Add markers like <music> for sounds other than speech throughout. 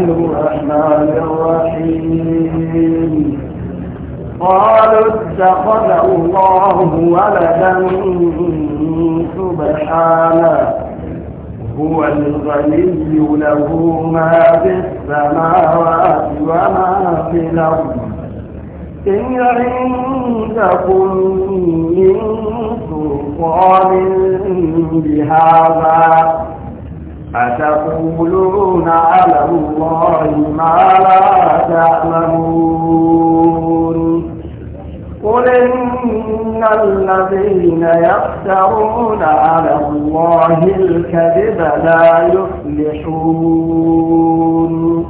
الرحمن الرحيم قالوا اتخذ الله ولدا سبحانه هو الغني له ما في السماوات وما في الأرض إن عندكم من سلطان بهذا أتقولون على الله ما لا تعلمون قل إن الذين يفترون على الله الكذب لا يفلحون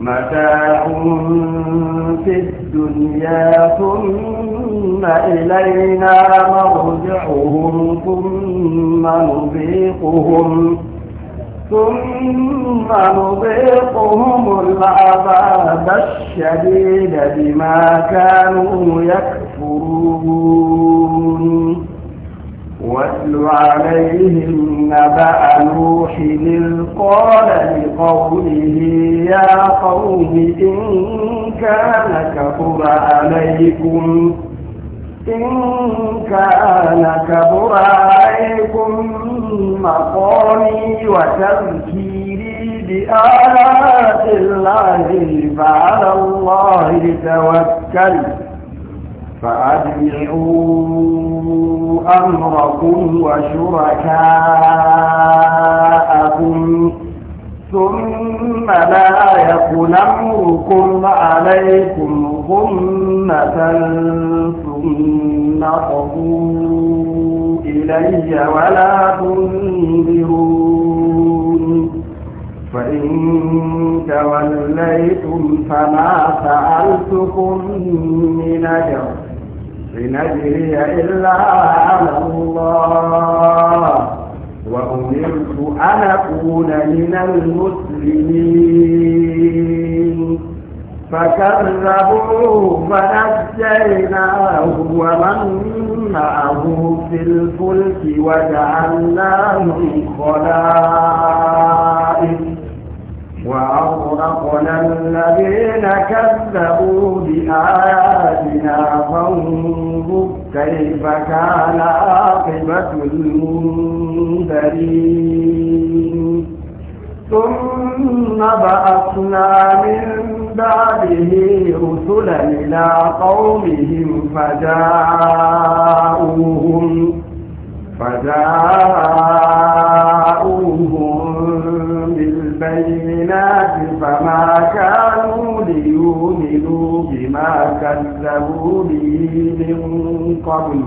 متاع في الدنيا ثم إلينا مرجعهم ثم نذيقهم ثم نذيقهم العذاب الشديد بما كانوا يكفرون واتل عليهم نبأ نوح إذ قال لقومه يا قوم إن كان كفر عليكم إن كان كبر عليكم مقامي وتذكيري بآيات الله فعلى الله توكل فأجمعوا أمركم وشركاءكم ثم لا يكن أمركم عليكم غمة ثم قضوا إلي ولا تنذرون فإن توليتم فما سألتكم من أجر إن أجري إلا على الله وأمرت أن أكون من المسلمين فكذبوه فنجيناه ومن معه في الفلك وجعلناه خلائق وأغرقنا الذين كذبوا بآياتنا فانظر كيف كان عاقبة المنذرين ثم بأسنا من بعده رسلا إلى قومهم فجاءوهم فجاءوهم بالبينات فما كانوا ليؤمنوا بما كذبوا به من قبل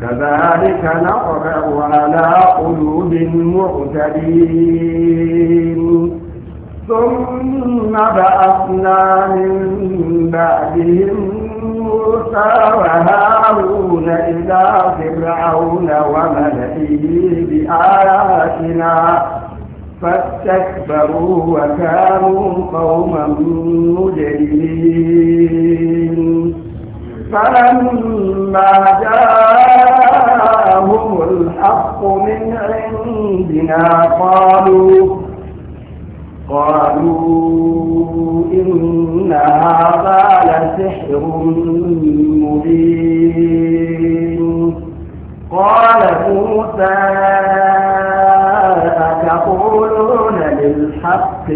كذلك نقرا على قلوب المعتدين ثم بعثنا من بعدهم موسى وهارون إلى فرعون وملئه بآياتنا فاستكبروا وكانوا قوما مجرمين فلما جاءهم الحق من عندنا قالوا قالوا إن هذا لسحر الحق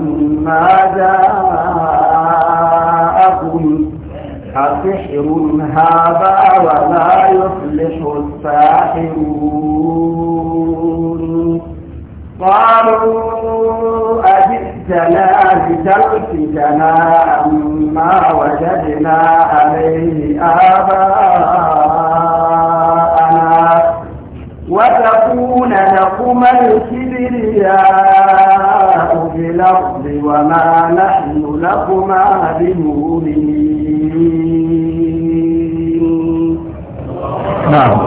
لما جاءكم أسحر هذا ولا يفلح الساحرون قالوا أجئتنا لتلفتنا عما وجدنا عليه آباءنا وتكون لكم الكبرياء في الأرض وما نحن لكما بمؤمنين نعم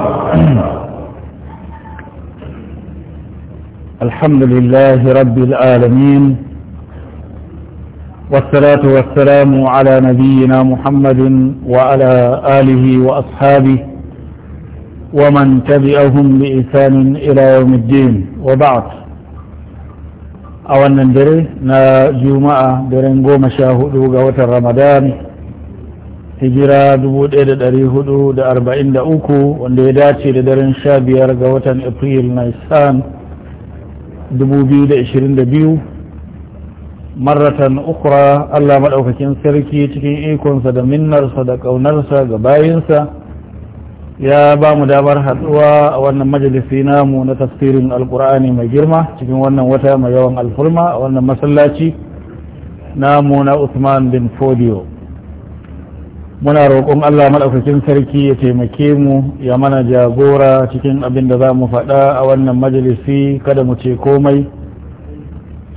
الحمد لله رب العالمين والصلاة والسلام على نبينا محمد وعلى آله وأصحابه ومن تبعهم بإحسان إلى يوم الدين وبعد a wannan dare na juma'a daren goma sha hudu ga watan ramadan hijira 1443 wanda ya dace da daren sha biyar ga watan april da 2022 maratan ukura allah maɗaukakin sarki cikin ikonsa da minnarsa da ƙaunarsa ga bayinsa ya ba mu damar haɗuwa a wannan majalisi namu na tafsirin Alƙur'ani mai girma cikin wannan wata mai yawan alfulma a wannan masallaci namu na usman bin fodio muna roƙon allah maɗaukacin sarki ya taimake mu ya mana jagora cikin abin da za mu faɗa a wannan majalisi kada mu ce komai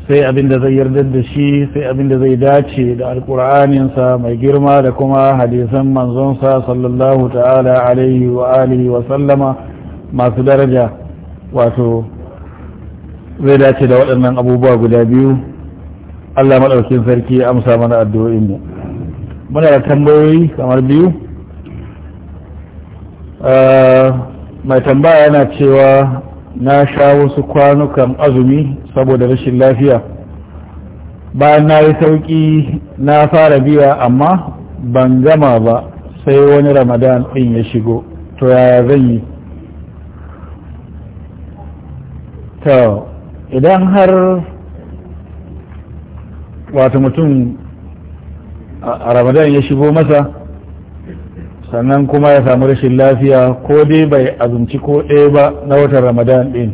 sai abin da zai yarda da shi sai abin da zai dace da alkur'aninsa mai girma da kuma hadisan manzonsa sallallahu ta'ala alaihi wa alihi wa sallama masu daraja wato zai dace da waɗannan abubuwa guda biyu allah maɗaukin sarki amsa mana addu'o'in mu muna da tambayoyi kamar biyu ah, mai tambaya yana cewa na sha wasu kwanukan azumi saboda rashin lafiya bayan na yi sauƙi na fara biya amma ban gama ba sai wani ramadan ɗin ya shigo to yaya zan yi to idan har wata mutum a ramadan ya shigo masa sannan kuma ya samu rashin lafiya ko dai bai azumci ko ɗaya ba na watan ramadan ɗin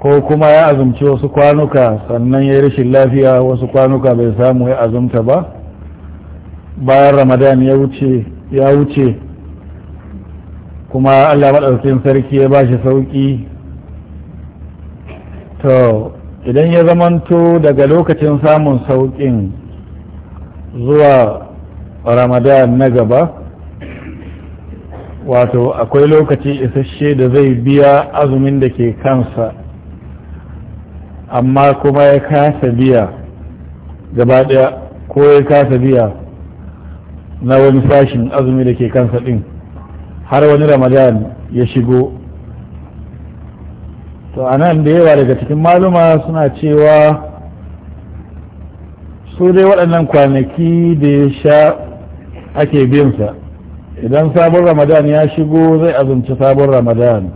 ko kuma ya azumci wasu kwanuka sannan ya yi rashin lafiya wasu kwanuka bai samu ya azumta ba bayan ramadan ya wuce ya wuce kuma allah maɗaukin sarki ya ba shi sauƙi to idan ya zamanto daga lokacin samun sauƙin zuwa ramadan na gaba wato akwai lokaci isasshe da zai biya azumin da ke kansa amma kuma ya kasa biya gaba daya ko ya kasa biya na wani sashin azumi da ke kansa din har wani ramadan ya shigo to a nan da yawa daga cikin maluma suna cewa su dai waɗannan kwanaki da ya sha ake biyansa idan sabon ramadan ya shigo zai azumci sabon ramadan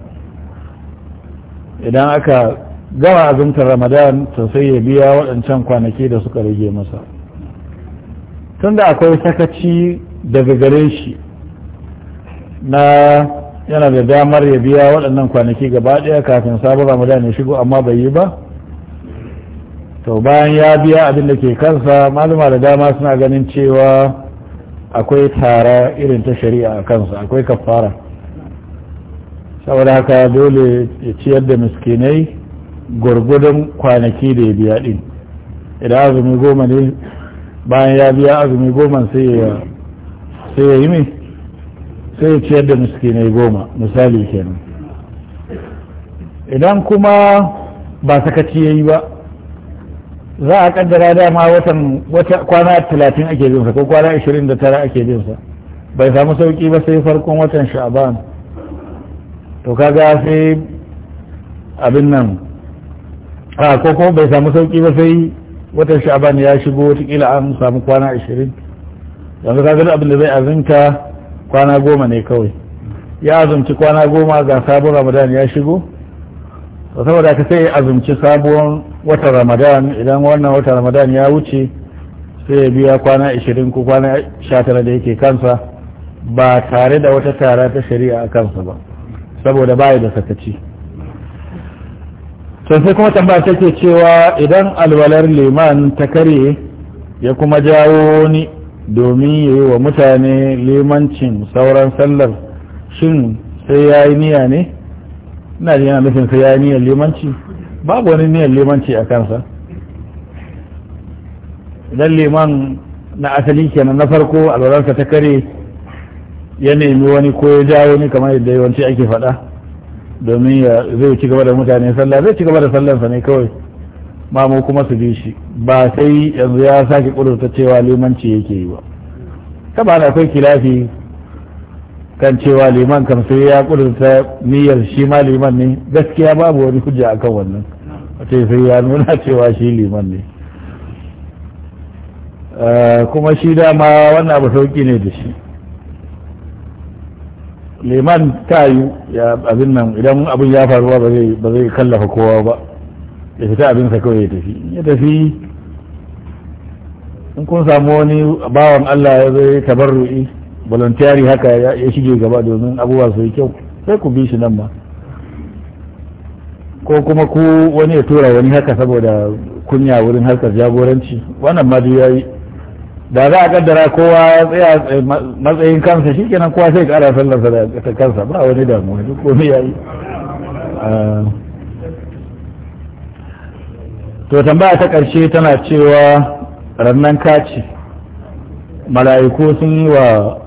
idan aka gama azumtar ramadan to sai ya biya waɗancan kwanaki da suka rage masa tunda akwai sakaci daga gare shi na yana da damar ya biya waɗannan kwanaki gaba ɗaya kafin sabon ramadan ya shigo amma bai yi ba to bayan ya biya abinda ke kansa malama da dama suna ganin cewa akwai tara irin ta shari'a a kansa akwai kafara saboda haka dole ya ciyar da miskinai gwargwadon kwanaki da ya biya din idan azumi goma ne bayan ya biya azumi goma sai ya yi mai sai ya ciyar da miskinai goma misali kenan idan kuma ba sakaci ya yi ba za a kaddara dama watan wata kwana talatin ake bin sa ko kwana ashirin da tara ake bin sa bai samu sauki ba sai farkon watan sha'aban to kaga sai abin nan a ko kuma bai samu sauki ba sai watan sha'aban ya shigo watakila an samu kwana ashirin yanzu kaga abin da zai azinta kwana goma ne kawai ya azumci kwana goma ga sabon ramadan ya shigo saboda ka sai azumci sabuwar Wata ramadan idan wannan wata ramadan ya wuce sai ya biya kwana 20 ko kwana 19 da yake kansa ba tare da wata tara ta shari'a a kansa ba saboda baya da sakaci to sai kuma tambaya take cewa idan alwalar liman ta kare ya kuma jawo ni domin ya yi wa mutane limancin sauran sallar shin sai ya yi niyya ne ina da yana nufin sai ya yi limanci babu wani niyyar limanci a kansa idan liman na asali kenan na farko alwalarsa ta kare ya nemi wani ko ya ja wani kamar yadda yawanci ake faɗa domin ya zai ci gaba da mutane sallah zai ci gaba da sallansa ne kawai mamu kuma su bi shi ba sai yanzu ya sake ƙudurta cewa limanci yake yi ba ta ba da akwai kilafi kan cewa liman kam sai ya kudurta niyyar shi ma liman ne gaskiya babu wani hujja akan wannan wace sai ya nuna <laughs> cewa shi liman ne ah, kuma shi dama wannan abu sauki ne da shi liman yi ya abin nan idan abin ya faruwa ba zai kallafa kowa ba ya fita abinsa kawai ya tafi ya tafi in kun samu wani bawan Allah ya zai tabarru'i voluntary haka ya shige gaba domin abubuwa su yi kyau sai ku bi shi nan ma ko kuma ku wani ya tura wani haka saboda kunya wurin harkar jagoranci wannan ma duk yayi da za a kaddara kowa tsaya eh, matsayin kansa kenan kowa sai kara sallarsa da kansa ba wani damuwa duk komai yayi ah. to tambaya ta ƙarshe tana cewa rannan kaci mala'iku sun yi wa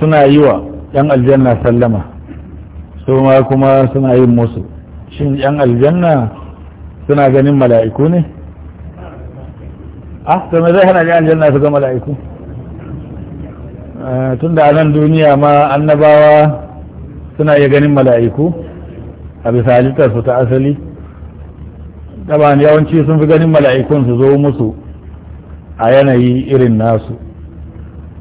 suna yi wa yan aljanna sallama su ma kuma suna yin musu shin yan aljanna suna ganin mala'iku ne ah to me zai hana ga aljanna su ga mala'iku eh, tun da nan duniya ma annabawa suna iya ganin mala'iku a bisa halittarsu ta asali ɗaban yawanci sun fi ganin mala'ikun su zo musu a yanayi irin nasu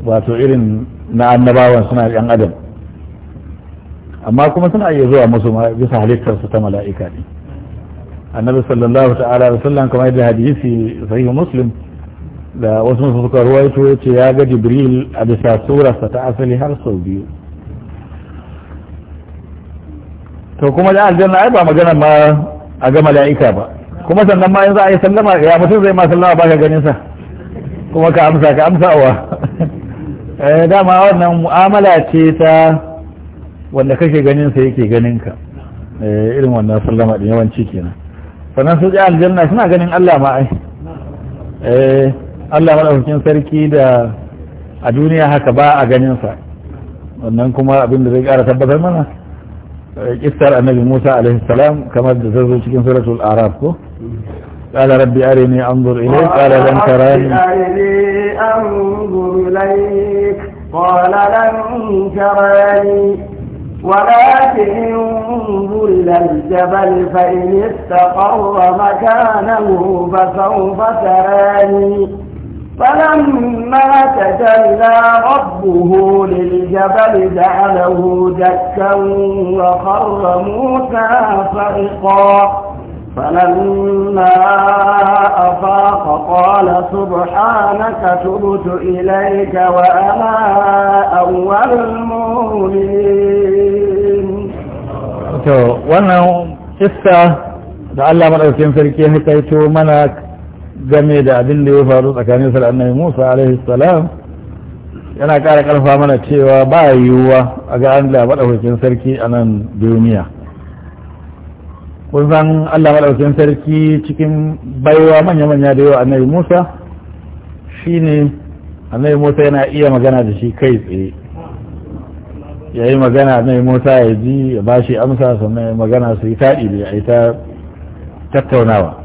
wato irin na annabawan suna yan adam amma kuma suna iya zuwa musu bisa halittarsu ta mala'ika ne annabi sallallahu ta'ala da sallam kamar da hadisi sahihu muslim da wasu musu suka ruwaito ya ce ya ga jibril a bisa surarsa ta asali har sau biyu to kuma da aljanna ai ba magana ma a ga mala'ika ba kuma sannan ma yanzu a yi sallama ya mutum zai ma sallama ba ka ganin sa kuma ka amsa ka amsa wa <laughs> Eh, dama wannan mu'amala ce ta wanda kake ganin sa yake ganin ka eh, irin wannan sallama din yawanci kenan sannan su ji aljanna suna ganin Allah ma ai eh, Allah madaukakin sarki da a duniya haka ba a ganin sa wannan kuma abin da zai ƙara tabbatar mana kissar annabi Musa alaihi salam kamar da zai zo cikin suratul araf ko قال رب أرني أنظر إليك قال لن تراني أرني أنظر إليك قال لن تراني ولكن انظر إلى الجبل فإن استقر مكانه فسوف تراني فلما تجلى ربه للجبل جعله دكا وخر موسى صعقا فلما أفاق قال سبحانك تبت إليك وأنا أول المؤمنين wannan da Allah madaukakin sarki ya to mana game da abin da ya faru tsakanin sa da Annabi Musa alaihi salam yana ƙara ƙarfa mana cewa ba yiwuwa a ga Allah hukuncin sarki a nan duniya kun san Allah madaukakin sarki cikin baiwa manya-manya da yawa annabi Musa shine annabi Musa yana iya magana da shi kai tsaye ya yi magana annabi Musa ya ji ya ba shi amsa sannan ya magana su yi taɗi da ya ta tattaunawa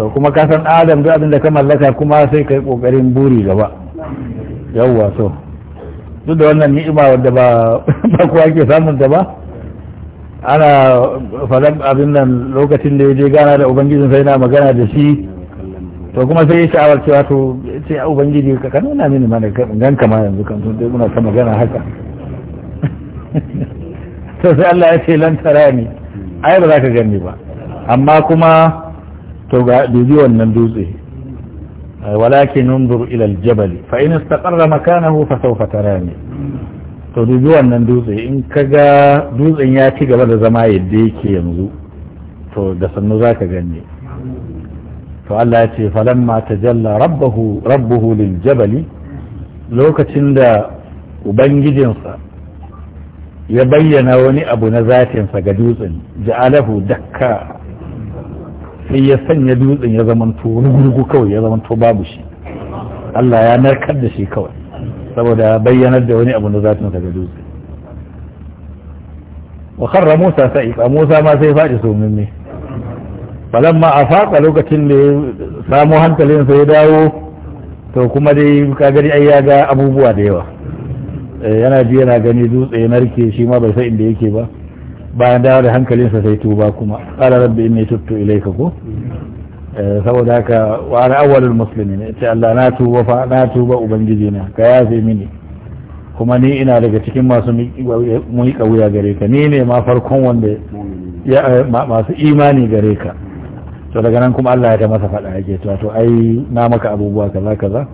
to kuma ka san adam duk abin da ka mallaka kuma sai ka yi ƙoƙarin buri gaba yawwa so duk da wannan ni'ima wadda ba <laughs> kowa ke samun ta ba ana faɗan abin nan lokacin da ya je gana da ubangijin sai na magana da shi to kuma sai ya sha'awar cewa to ce ubangiji ka kan nuna mini mana gan kama yanzu kan sun dai muna ta magana haka <laughs> to sai Allah ya ce lan tara ni ai ba za ka gani ba amma kuma to ga dubi wannan dutse walakin unzur ila aljabal fa in istaqarra makanahu fa sawfa tarani To dubi wannan dutse in ka ga dutsen ya ci gaba da zama yadda yake yanzu to da sannu za ka gane to Allah ya ce falamma tajalla rabbahu rabbuhu lil jabali lokacin da ubangijinsa ya bayyana wani abu na zatinsa ga dutsen ja'alahu dakka sai ya sanya dutsen ya zamanto gurgu kawai ya zamanto babu shi Allah ya narkar da shi kawai saboda bayyanar da wani abu na zatin daga dutse wa kharra musa fa musa ma sai faɗi sominne falamma a lokacin da samu hankalin sai ya dawo to kuma dai ka gari ai ya ga abubuwa da yawa eh, yana ji yana gani dutse ya narke shi ma bai san inda yake ba bayan dawo da hankalinsa sai tuba kuma qala rabbi inni tubtu ilayka ko Eh, saboda haka wa awwalin awwalul ne ce Allah na tuba fa na tuba ubangiji na ka yafe mini kuma ni ina daga cikin masu muyi wuya gare ka ni ne ma farkon wanda ya eh, masu imani gare ka to daga nan kuma Allah ya ta masa faɗa yake to to ai na maka abubuwa kaza kaza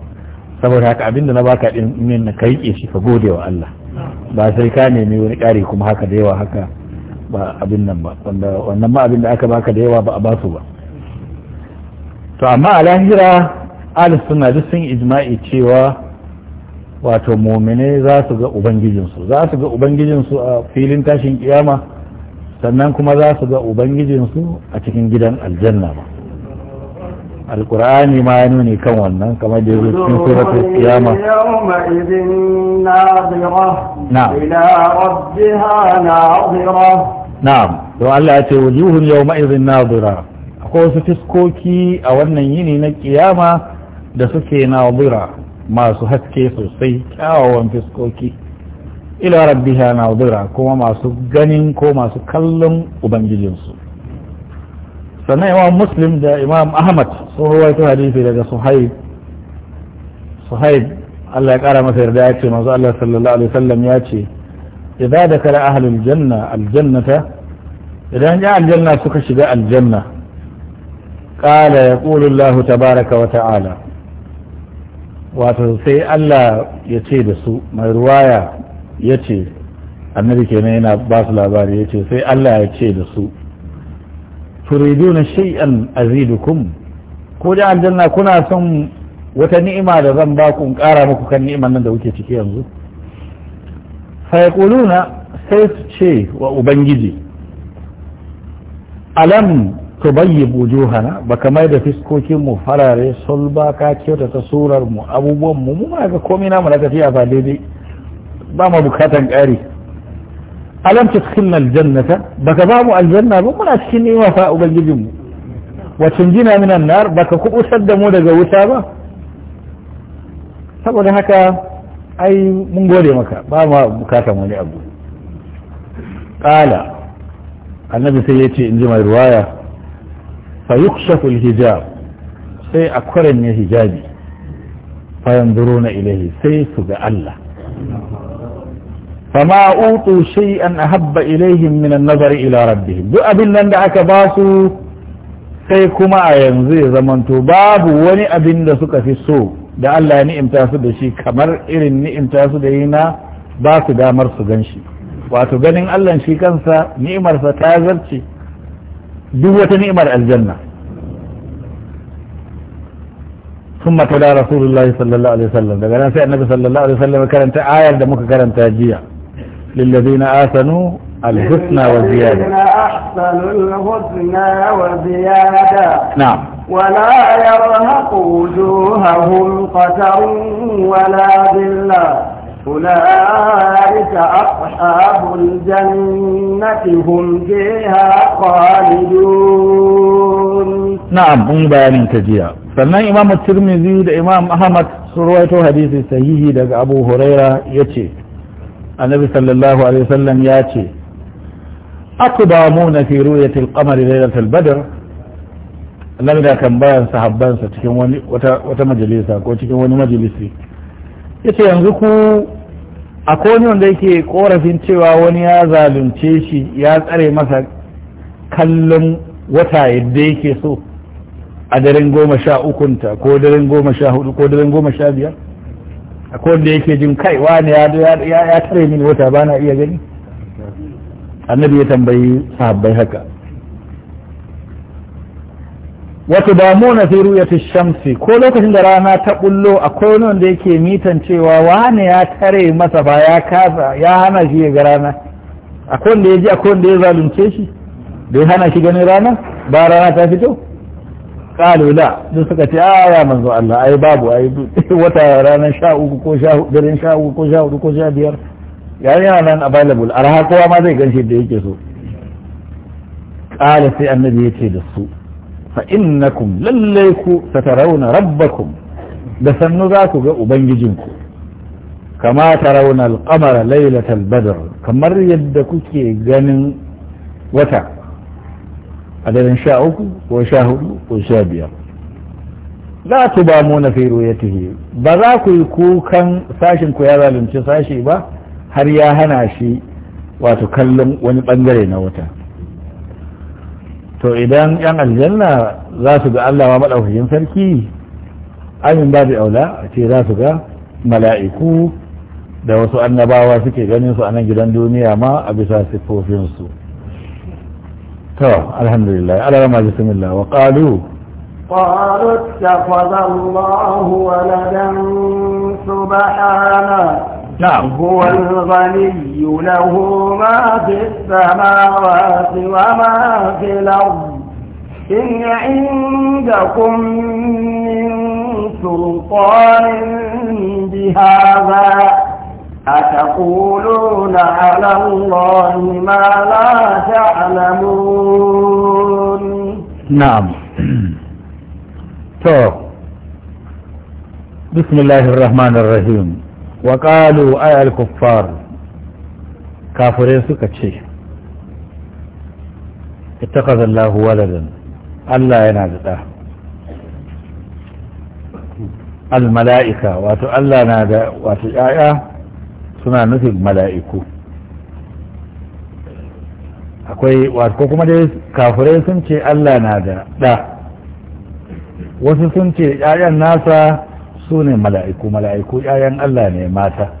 saboda haka abinda na baka din min ka shi ka gode wa Allah ba sai ka nemi wani ƙari kuma haka da yawa haka ba abin nan ba wanda wannan ma abin da aka baka da yawa ba a basu ba to amma a lahira alis suna duk sun ijma'i cewa wato momine za su ga ubangijinsu za su ga ubangijinsu a filin tashin kiyama sannan kuma za su ga ubangijinsu a cikin gidan aljanna ba alkur'ani ma ya nuni kan wannan kamar da yanzu cikin suratul qiyama na'am to Allah ya ce wujuhun yawma idhin nadira akwai wasu fiskoki a wannan yini na kiyama da suke nazira masu haske sosai kyawawan fiskoki ila rabbiha nazira kuma masu ganin ko masu kallon ubangijinsu sannan imam muslim da imam ahmad sun ruwaito hadisi daga suhaib suhaib Allah ya kara masa yarda ya ce manzo Allah sallallahu alaihi wasallam ya ce idza dakala ahlul janna aljannata idan ya aljanna suka shiga aljanna قال يقول الله تبارك وتعالى wato sai Allah ya ce da su mai ruwaya ya ce annabi kenan yana basu labari ya ce sai Allah ya ce da su turiduna shay'an azidukum ko da aljanna kuna son wata ni'ima da zan ba ku in ƙara muku kan ni'iman da kuke ciki yanzu fa yaquluna sai su ce wa ubangiji alam tubayyib wujuhana baka mai da fiskokin mu farare sulba ka kyauta ta surar mu abubuwan mu mu ga komai namu na tafiya ba daidai ba mu bukatan ƙari alam tudkhilna aljannata baka ba mu aljanna ba muna cikin ni'ima fa ubangijin mu wa tunjina minan nar baka kubusar da mu daga wuta ba saboda haka ai mun gode maka ba ma bukatan wani abu qala annabi sai yace in ji mai ruwaya fa yukshafu hijab sai a kwarenye hijabi fayan duro na ilahi sai su ga Allah fama utu shay'an ahabba ilaihim min an ila rabbihim duk abin nan da aka ba su sai kuma a yanzu ya zamanto babu wani abin da suka fi so da Allah ya ni'imta su da shi kamar irin ni'imta su da yi na ba su damar su gan shi wato ganin Allah shi kansa ni'imarsa ta zarce duk wata ni'imar aljanna ثم تلا رسول الله صلى الله عليه وسلم ده كان النبي صلى الله عليه وسلم كانت آية ده ممكن كانت تاجية للذين آسنوا الحسنى والزيادة الذين أحسنوا الحسنى وزيادة نعم ولا يرهق وجوههم قتر ولا ذلة أولئك أصحاب الجنة هم فيها خالدون نعم من بيان تجيء sannan imam tirmidhi da imam ahmad sun rawaito hadisi sahihi daga abu huraira ya ce annabi sallallahu alaihi wasallam ya ce aqdamuna fi ru'yati ya qamar laylat al-badr annabi da kan cikin wani wata wata majalisa ko cikin wani majalisi yace yanzu ku a wani wanda yake korafin cewa wani ya zalunce shi ya tsare masa kallon wata yadda yake so a daren goma sha ukunta ko daren goma sha hudu ko daren goma sha biyar wanda yake jin kai wani ya tare mini wata ba na iya gani annabi ya tambayi sahabbai haka wato mu na fi ru'yati shamsi ko lokacin da rana ta bullo akwai wani wanda yake mitan cewa wane ya tare masa ba ya kasa ya hana shi ga rana a kowanne ya ji a kowanne ya zalunce shi da ya hana shi ganin rana ba rana ta fito kalu la duk suka ce a ya manzo Allah ai babu ai <laughs> wata ranar sha uku ko sha daren sha uku ko sha hudu ko sha biyar yayin yana nan available arha kowa ma zai ganshi da yake so kala sai annabi ya ce da su fa innakum lallai ku tarauna Rabbakun da sannu za ku ga ubangijinku kama tarauna al'amara lailatal badr kamar yadda kuke ganin wata a daren sha uku ko sha hudu ko sha biyar la tubamuna fi ru'yatihi ba za ku yi kukan sashin ku ya zalunci sashi ba har ya hana shi wato kallon wani bangare na wata to idan yan aljanna za su ga Allah ma maɗaukakin sarki amin babu aula a ce za su ga mala'iku da wasu annabawa suke ganin su a nan gidan duniya ma a bisa siffofinsu to alhamdulillah alarama bismillah wa qalu قالوا اتخذ الله نعم هو الغني له ما في السماوات وما في الأرض إن عندكم من سلطان بهذا أتقولون على الله ما لا تعلمون نعم تو بسم الله الرحمن الرحيم wa qalu ay kuffar kafirai suka ce ittakhadha Allahu waladan Allah yana da da al mala'ika wato Allah na da wato yaya suna nufin mala'iku akwai wato kuma dai kafirai sun ce Allah na da da wasu sun ce ‘ya'yan nasa su ne mala'iku mala'iku ‘ya'yan Allah ne mata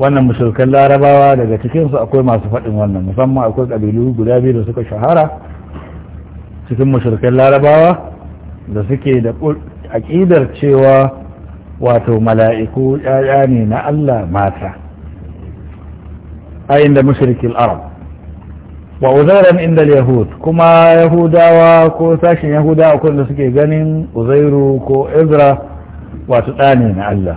wannan musulkan larabawa daga cikinsu akwai masu faɗin wannan musamman akwai ƙabilu guda biyu da suka shahara cikin musulkan larabawa da suke da aƙidar cewa wato mala'iku ‘ya'ya ne na Allah mata a inda mushrikin arab wa uzairan inda yahud kuma yahudawa ko sashen yahudawa akwai da suke ganin uzairu ko ezra wato ɗane na Allah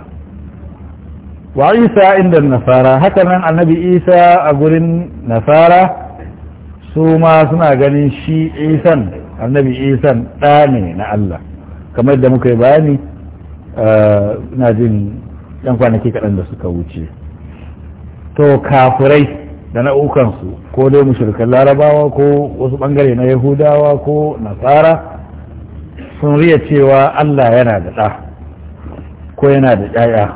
wa isa inda nasara haka nan annabi isa a gurin nasara su ma suna ganin shi isan annabi isan ɗa ne na Allah kamar da muka yi bayani eh, na jin yan kwanaki kaɗan da suka wuce to kafurai da na'ukansu ko dai mushrikan larabawa ko wasu ɓangare na yahudawa ko nasara sun riya cewa Allah yana da ɗa ko yana da ƴaƴa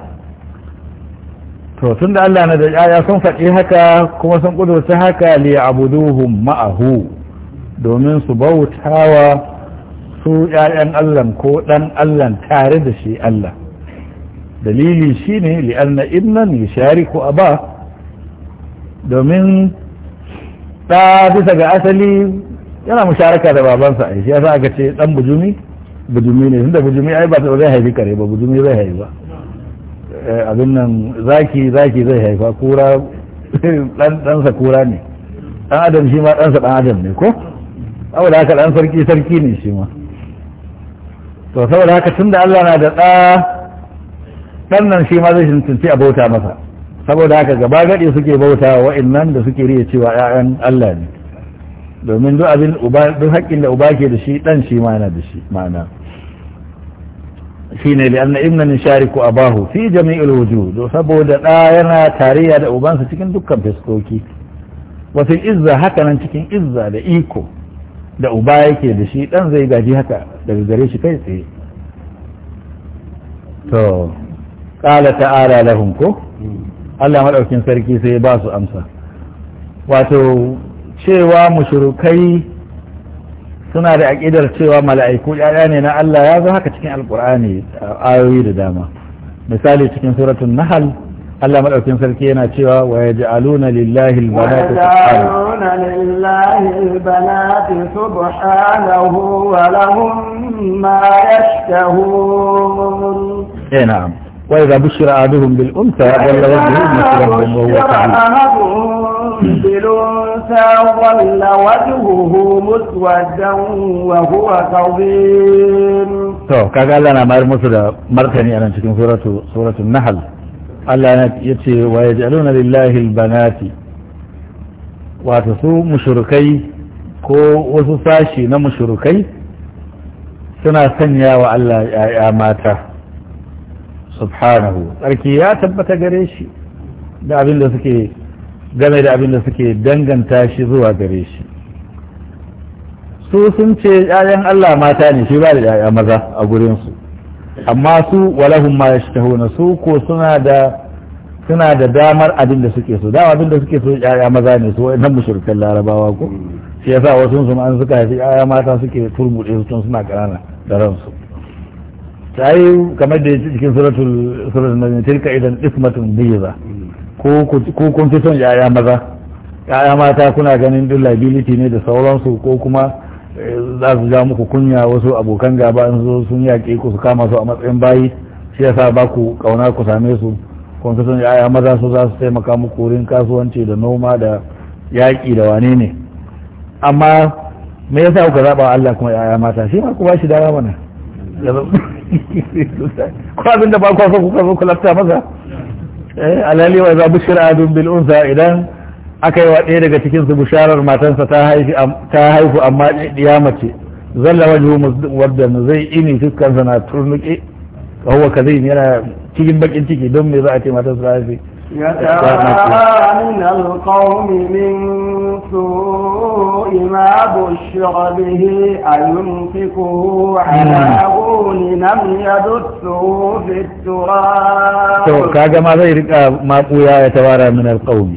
to tun da Allah na da ƴaƴa sun faɗi haka kuma sun ƙudurci haka li abuduhum ma'ahu domin su bautawa su ƴaƴan Allah ko ɗan Allah tare da shi Allah dalili shine ya shari ko a ba domin ɗa bisa ga asali yana musharaka da babansa shi yasa aka ce ɗan bujumi bujumi ne tunda bujumi ai ba ta zai haifi kare ba bujumi zai haifi ba eh, abin nan zaki zaki zai haifa kura dan <laughs> dansa kura ne dan adam shi ma dansa dan adam ne ko saboda haka dan sarki sarki ne shi ma to saboda haka tunda Allah na da da ɗan nan shi ma zai tuntunci a bauta masa saboda haka gaba gadi suke bauta wa wa'annan da suke riya cewa ‘ya'yan Allah ne domin duk abin uba duk haƙƙin da uba ke da shi ɗan shi ma yana da shi ma'ana shine imna anna ibnan shariku abahu fi jami'il wujuh saboda da yana tarayya da ubansa cikin dukkan fiskoki wasu izza haka nan cikin izza da iko da uba yake da shi dan zai gaji haka daga gare shi kai tsaye to qala ta'ala lahum ko Allah madaukin sarki sai ba su amsa wato cewa mushrikai suna da aƙidar cewa mala'iku ƴaƴa ne na Allah ya zo haka cikin alƙur'ani ayoyi da dama misali cikin suratul nahl Allah madaukin sarki yana cewa wa yaj'aluna lillahi al-banati albanati subhanahu wa lahum ma yashtahun eh na'am wa idha bushira ahaduhum bil unsa dhalla wajhuhu muswaddan wa huwa موسى ظل وجهه مسودا وهو كظيم Allah na mayar musu da martani a cikin suratu suratul nahl Allah ya yace wa yaj'aluna lillahi albanati wato su mushrikai ko wasu sashi na mushrikai suna sanya wa Allah ya mata subhanahu tsarki ya tabbata gare shi da abin da suke game da abin da suke danganta shi zuwa gare shi su sun ce ‘ya'yan Allah mata ne shi ba da ‘ya'ya maza a gurinsu amma su walahun ma ya su ko suna da damar abin da suke so dama abin da suke so ‘ya'ya maza ne su wa'in mushrikan larabawa ko shi yasa wasu sun an suka haifi ‘ya'ya mata suke turmuɗe su tun suna ƙanana da ransu ta yi kamar da cikin suratul suratul tilka idan ismatun biza ko kun fi son yaya maza yaya mata kuna ganin duk liability ne da sauransu ko kuma eh, za su ja muku kunya wasu abokan gaba in zo sun yaƙe ku su kama su a matsayin bayi shi yasa ba ku kauna ku same su kun fi son yaya maza su za su taimaka muku wurin kasuwanci da noma da yaƙi da wane ne amma me yasa kuka zaɓa Allah kuma yaya mata shi ma ku ba shi dama mana <laughs> ko da ba ku so kuka zo ku lafta maza Eh, alali wa za bushir adun bil unsa idan aka yi wa ɗaya daga cikin su bisharar matansa ta haihu amma ya mace zalla hu wadda zai ini fuskansa na turnuke kawo ka zai yana cikin bakin ciki don me za a ce matansa ta haifi يتوارى من القوم من سوء ما بشر به أيمسكه على هون أم يدسه في التراب كاجا ما زي ما قويا يتوارى من القوم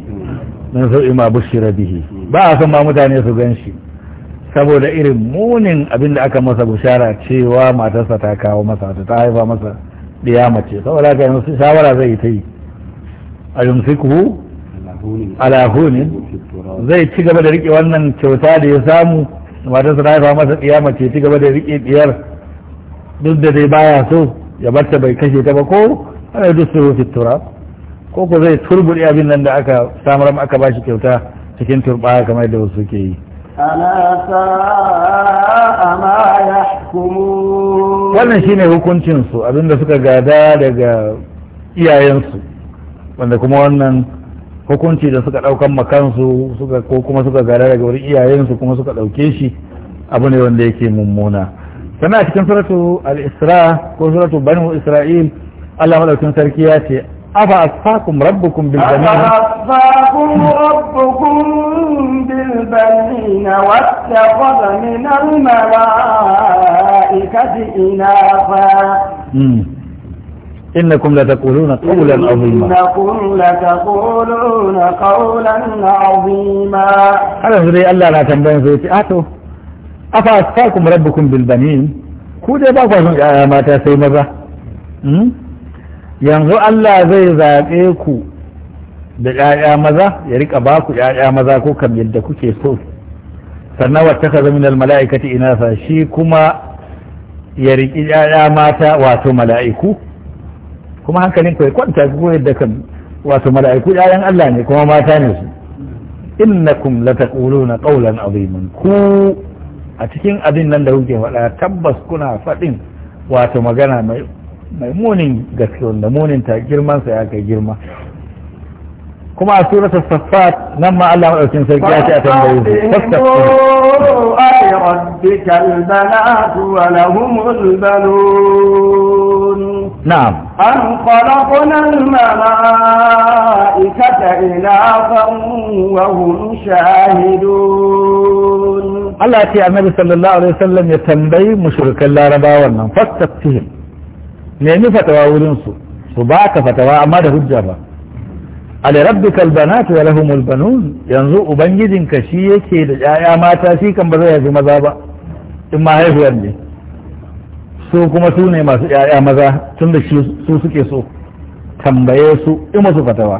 من سوء ما بشر به ba a san ma mutane su gan shi saboda irin munin abin da aka masa bushara cewa matarsa ta kawo masa ta haifa masa ya mace saboda haka yanzu shawara zai yi ta yi a yumsikuhu ala zai ci gaba da rike wannan kyauta da ya samu matarsa ta haifa masa kiyama ce ci gaba da rike ɗiyar duk da dai baya so ya barta bai kashe ta ba ko ana duk su fi tura ko ko zai turbuɗe abin nan da aka samar aka bashi kyauta cikin turba kamar da wasu ke yi wannan shine hukuncin su abinda suka gada daga iyayensu wanda kuma wannan hukunci da suka ɗaukan makansu ko kuma suka gara daga wani iyayensu kuma suka ɗauke shi abu ne wanda yake mummuna sannan a cikin suratu al-isra ko suratu banu isra'il Allah madaukin sarki ya ce afa asfakum rabbukum bil banin asfakum rabbukum bil banin wattakhadha min al malaikati inafa hmm. إنكم لتقولون قولا عظيما إنكم لتقولون قولا عظيما هذا زي الله لا تنبين زي تأتوا أفأسفاكم ربكم بالبنين كودي باقوا يا ماتا سيمبا yanzu Allah zai zaɓe ku da ‘ya'ya maza ya riƙa ba ku ‘ya'ya maza ko kam yadda kuke so sannan wata ka zama mala'ikati inasa shi kuma ya riƙi ‘ya'ya mata wato mala'iku kuma hankalin ku kwanta ku yadda kan wato mala'iku ƴaƴan Allah ne kuma mata ne su innakum lataquluna qawlan aziman ku a cikin abin nan da kuke faɗa tabbas kuna faɗin wato magana mai mai munin gaske wanda munin ta girman sa ya kai girma kuma a surat as-saffat nan ma Allah madaukin sarki ya ce a tambaye su fastaqimu ay rabbikal banatu wa lahumul banun نعم أم خلقنا الملائكة إناثا وهم شاهدون الله يأتي النبي صلى الله عليه وسلم يتنبي مشرك الله ربا ونم فاستفتهم نعم فتوى ولنسو سباك فتوى أما ده على ربك البنات ولهم البنون ينزو أبنجد كشيك يا ما تاسيكم بذيها في مذابا إما هيفو يبني su kuma su ne masu ‘ya'ya maza tun da su suke so tambaye su in masu fatawa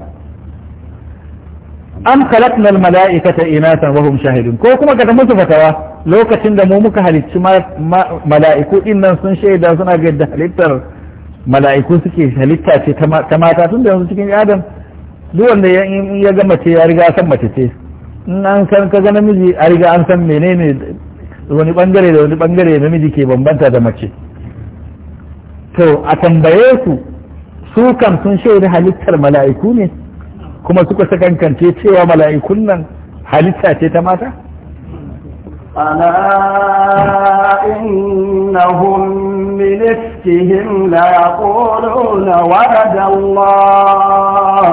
am khalaqna al mala'ikata inatan wahum hum shahidun ko kuma ka musu fatawa lokacin da mu muka halicci mala'iku din nan sun shaida suna ga yadda halittar mala'iku suke halitta ce ta mata tun da yanzu cikin adam duk wanda ya ga mace ya riga san mace ce in an san ka ga namiji a riga an san menene wani bangare da wani bangare namiji ke bambanta da mace to a tambaye su su kam sun shaida halittar mala’iku ne kuma suka sakankance cewa mala’ikun nan halitta ce ta mata? ana innahum min iskihim la yaquluna warada Allah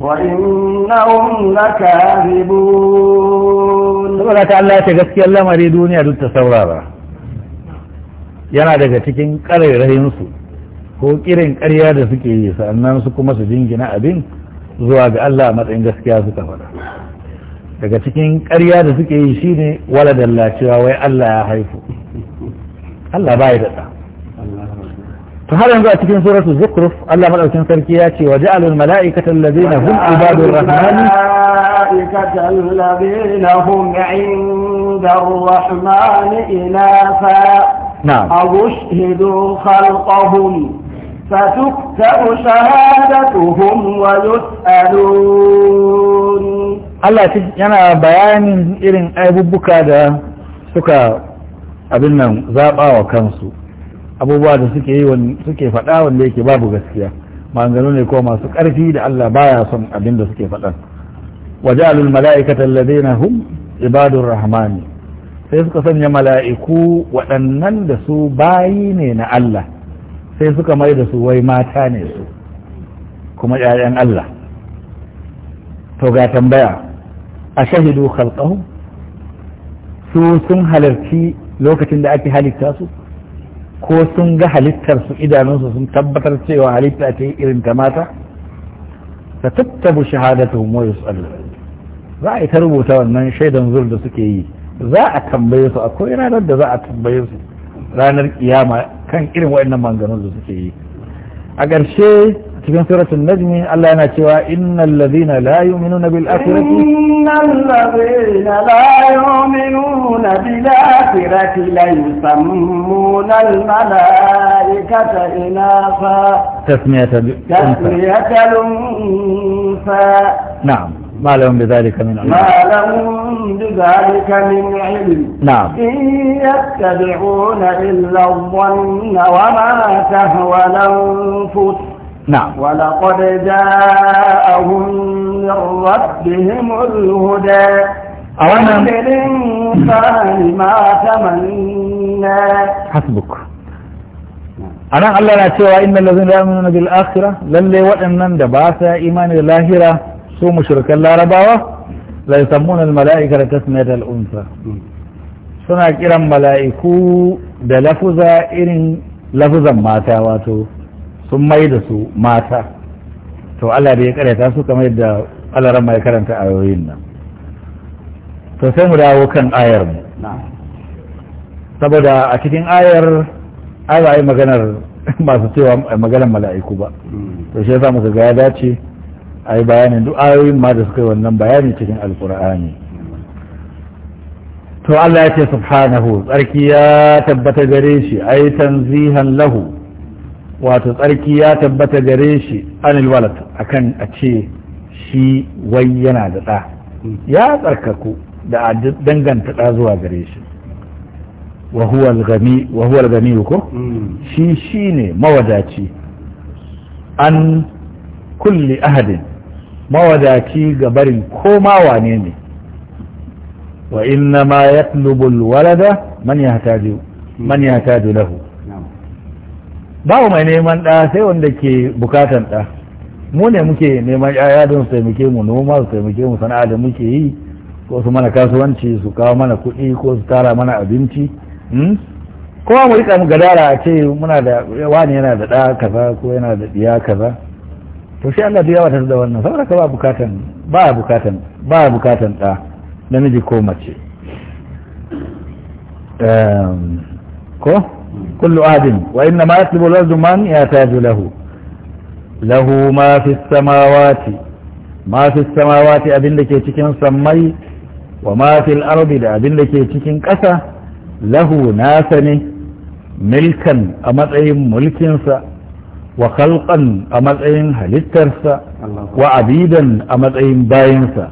wa innahum lakadibun. Saboda ta Allah ce gaskiyar lamari duniya duk ta saurara. yana daga cikin ƙarairayinsu ko kirin ƙarya da suke yi sannan su kuma su jingina abin zuwa ga Allah a matsayin gaskiya suka faɗa daga cikin ƙarya da suke yi shine wala dallacewa wai Allah ya haifu Allah ba ya daɗa to har yanzu a cikin suratul zukhruf Allah madaukakin sarki ya ce wa ja'alul mala'ikata allazina hum ibadur rahmani الملائكة الذين هم عند الرحمن fa. نعم خلقهم فتكتب شهادتهم ويسألون Allah yana bayanin irin abubuwa da suka abin nan zaɓa wa kansu abubuwa da suke yi suke faɗa wanda yake babu gaskiya maganganu ne ko masu ƙarfi da Allah baya son abin da suke faɗa waje alul mala'ikata alladhina hum ibadur rahmani sai suka sanya mala'iku waɗannan da su bayi ne na Allah sai suka mai da su wai mata ne su kuma ‘ya'yan Allah to ga tambaya a shahidu khalqahu su sun halarci lokacin da ake halitta su ko sun ga halittarsu idanunsu sun tabbatar cewa halitta ta irin ta mata ta tattabu shahadatuhum wa yus'alu za a yi ta rubuta wannan shaidan zur da suke yi za a tambaye su akwai ranar da za a tambaye su ranar kiyama kan irin waɗannan manganun da suke yi a ƙarshe cikin suratul najmi Allah yana cewa innal ladhina la yu'minuna bil akhirati innal ladhina la yu'minuna bil akhirati la yusammuna al malaikata inafa tasmiyatan tasmiyatan fa na'am ما لهم بذلك من علم ما لهم بذلك من علم نعم إن يتبعون إلا الظن وما تهوى الأنفس نعم ولقد جاءهم من ربهم الهدى أولا للإنسان ما تمنى حسبك أنا الله لا cewa إن الذين لا يؤمنون بالآخرة للي وأنن دباسة إيمان الآخرة su mushrikan larabawa la yusammuna al-mala'ika tasmiyat al-unsa suna kiran mala'iku da lafuza irin lafuzan mata wato sun mai da su mata to Allah bai karanta su kamar yadda Allah ran mai karanta ayoyin nan to sai mu dawo kan ayar mu saboda a cikin ayar ai ba yi maganar <laughs> masu cewa maganar mala'iku ba hmm. to shi yasa muka ga ya dace Ayi bayanin duk ma da suka yi wannan bayanin cikin alkur'ani to Allah ya ce subhanahu tsarki ya tabbata gare shi ai tanzihan lahu wato tsarki ya tabbata gare shi anil walad akan a ce shi wai yana da ɗa ya tsarkaku da danganta ɗa zuwa gare shi wa huwa gani ko mm. shi shi ne mawadaci an kulli ahadin mawadaci ga barin koma wane ne wa inna ma yatlubu walada man ya ta lahu babu mai neman ɗa sai wanda ke bukatan ɗa mu ne muke neman ƴaƴa don su taimake mu noma su taimake mu sana'a da muke yi ko su mana kasuwanci su kawo mana kuɗi ko su tara mana abinci hmm? kowa mu rika mu gadara a ce muna da wani yana da ɗa kaza ko yana da ɗiya kaza to sai Allah da yawa ta da wannan saboda ka ba bukatan ba bukatan ba bukatan da namiji ko mace ehm, ko kullu adin wa inna ma yatlubu al-ardu man yataju lahu lahu ma fi samawati ma fi samawati abin da ke cikin sammai wa ma fi al-ardi da abin da ke cikin ƙasa lahu nasa ne milkan a matsayin mulkinsa وخلقا أمدعين هلترسى وعبيدا أمدعين باينسى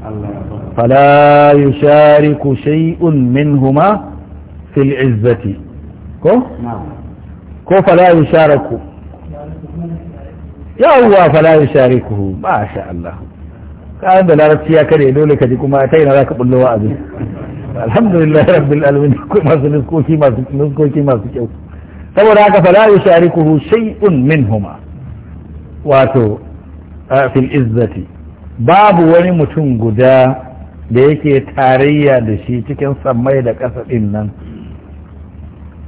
فلا يشارك شيء منهما في العزة كو؟ نعم. كو فلا يشارك يا الله فلا يشاركه ما شاء الله كان لا رسيا كريم لك دي كما أتينا لك قل الحمد لله رب العالمين كما سنسكو كما سنسكو كما سنسكو saboda haka la yusharikuhu shay'un minhuma wato fil izzati babu wani mutum guda da yake tarayya da shi cikin sammai da ƙasa ɗin nan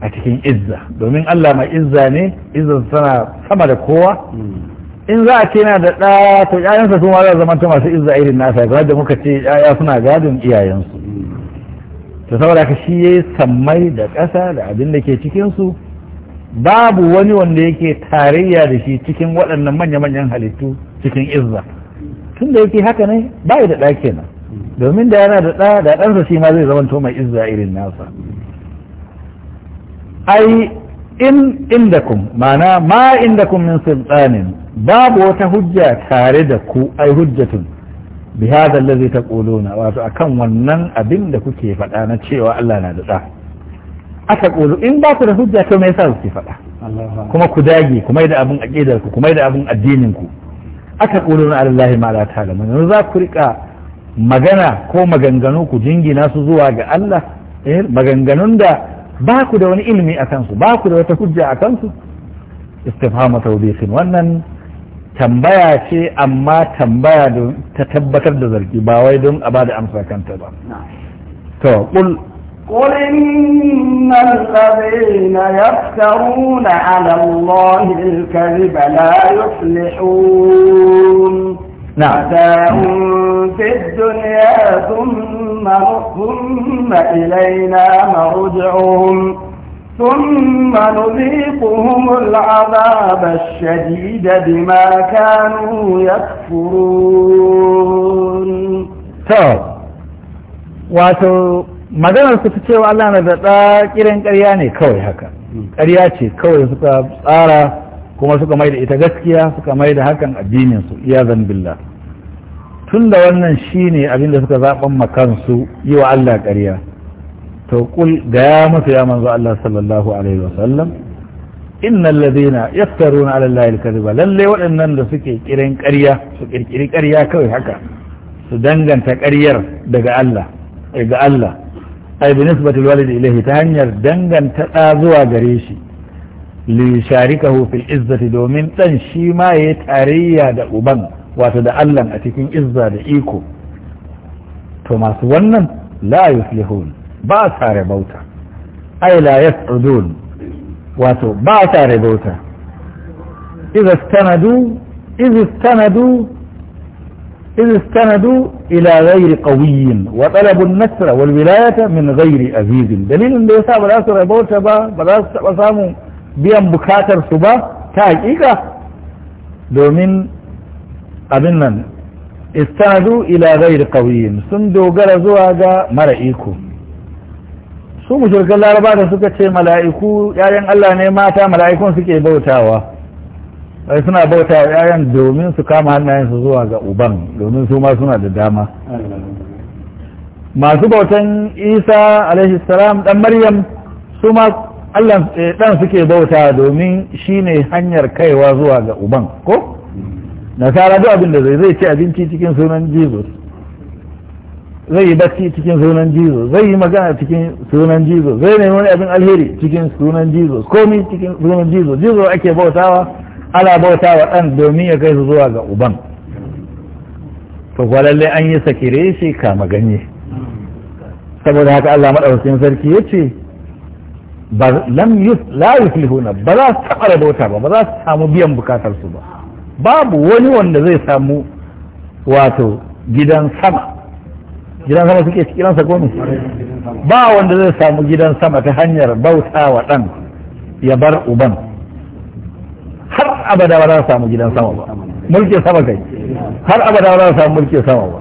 a cikin izza domin Allah mai izza ne izza tana sama da kowa hmm. in za a ce na da ɗaya to ƴaƴansa sun za zama ta masu izza irin nasa ga da muka ce ƴaƴa suna gadin iyayensu hmm. to saboda ka shi yayi sammai da ƙasa da abin da ke cikin su babu wani wanda yake tarayya da shi cikin waɗannan manya-manyan halittu cikin izza tun da yake haka ne ba da ɗa kenan domin da yana da ɗa da ɗansa shi ma zai zama mai izza irin nasa ai in kun ma'ana ma kun min sultanin babu wata hujja tare da ku ai hujjatun bi hadha allazi taquluna wato akan wannan abin da kuke faɗa na cewa Allah na da ɗa aka ƙulu in ba ku da hujja to me yasa ku faɗa kuma ku dage ku mai da abin aqidar ku ku mai da abin addinin ku aka ƙulu na Allah ma la yanzu za ku rika magana ko maganganu ku jingina su zuwa ga Allah eh maganganun da ba ku da wani ilimi a kansu ba ku da wata hujja a kansu istifhamu tawbihin wannan tambaya ce amma tambaya ta tabbatar da zargi ba wai don a bada amsa kanta ba to قل إن الذين يفترون على الله الكذب لا يفلحون نعم متاع في الدنيا ثم ثم إلينا مرجعهم ثم نذيقهم العذاب الشديد بما كانوا يكفرون. So, طيب. wato maganar su ta cewa Allah na da kiran ƙarya ne kawai haka ƙarya ce kawai suka tsara kuma suka mai da ita gaskiya suka mai da hakan addinin su iya billa tun da wannan shi ne abinda suka zaɓan makansu yi wa Allah ƙarya to kul gaya masa ya manzo Allah sallallahu alaihi wasallam innal ladina yaftaruna ala allahi ba lalle waɗannan da suke kiran ƙarya su kirkiri ƙarya kawai haka su danganta ƙaryar daga Allah ay bi nisbatil walidi ilayhi ta hanyar danganta da zuwa gare shi li sharikahu fil izzati domin dan shi ma yayi tarayya da uban wato da Allah a cikin izza da iko to masu wannan la yuslihun ba sa rabauta ay la yas'udun wato ba sa rabauta idza istanadu idza istanadu إذ استندوا إلى غير قوي وطلبوا النصر والولاية من غير أزيز دليل da yasa ba za su rabauta ba ba za su taɓa samun biyan bukatar su ba ta hakika domin abin nan istanadu ila ghairi qawiyin sun dogara zuwa ga mara iko su mushrikan laraba da suka ce mala'iku yayan Allah ne mata mala'ikun suke bautawa suna bauta wa 'ya'yan domin su kama su zuwa ga uban domin su ma suna da dama masu bautan isa alaihi salam dan maryam su ma allah dan eh, suke bauta domin shi ne hanyar kaiwa zuwa ga uban ko nasara duk abin da zai zai ci abinci cikin sunan jesus zai yi bacci cikin sunan jesus zai yi magana cikin sunan jesus zai nemi wani abin alheri cikin sunan jesus komi cikin sunan jesus jesus ake bautawa ana bauta wa ɗan domin ya kai su zuwa ga uban to kuwa lalle an yi sakire shi kama ganye saboda haka Allah maɗaukakin sarki ya ce lam yus la yuflihuna ba za su taɓa bauta ba ba za su samu biyan bukatar su ba babu wani wanda zai samu wato gidan sama gidan sama suke ransa gomi ba wanda zai samu gidan sama ta hanyar bauta wa ɗan ya bar uban abada ba za su samu gidan sama ba mulkin sama kai har abada ba za su samu mulkin sama ba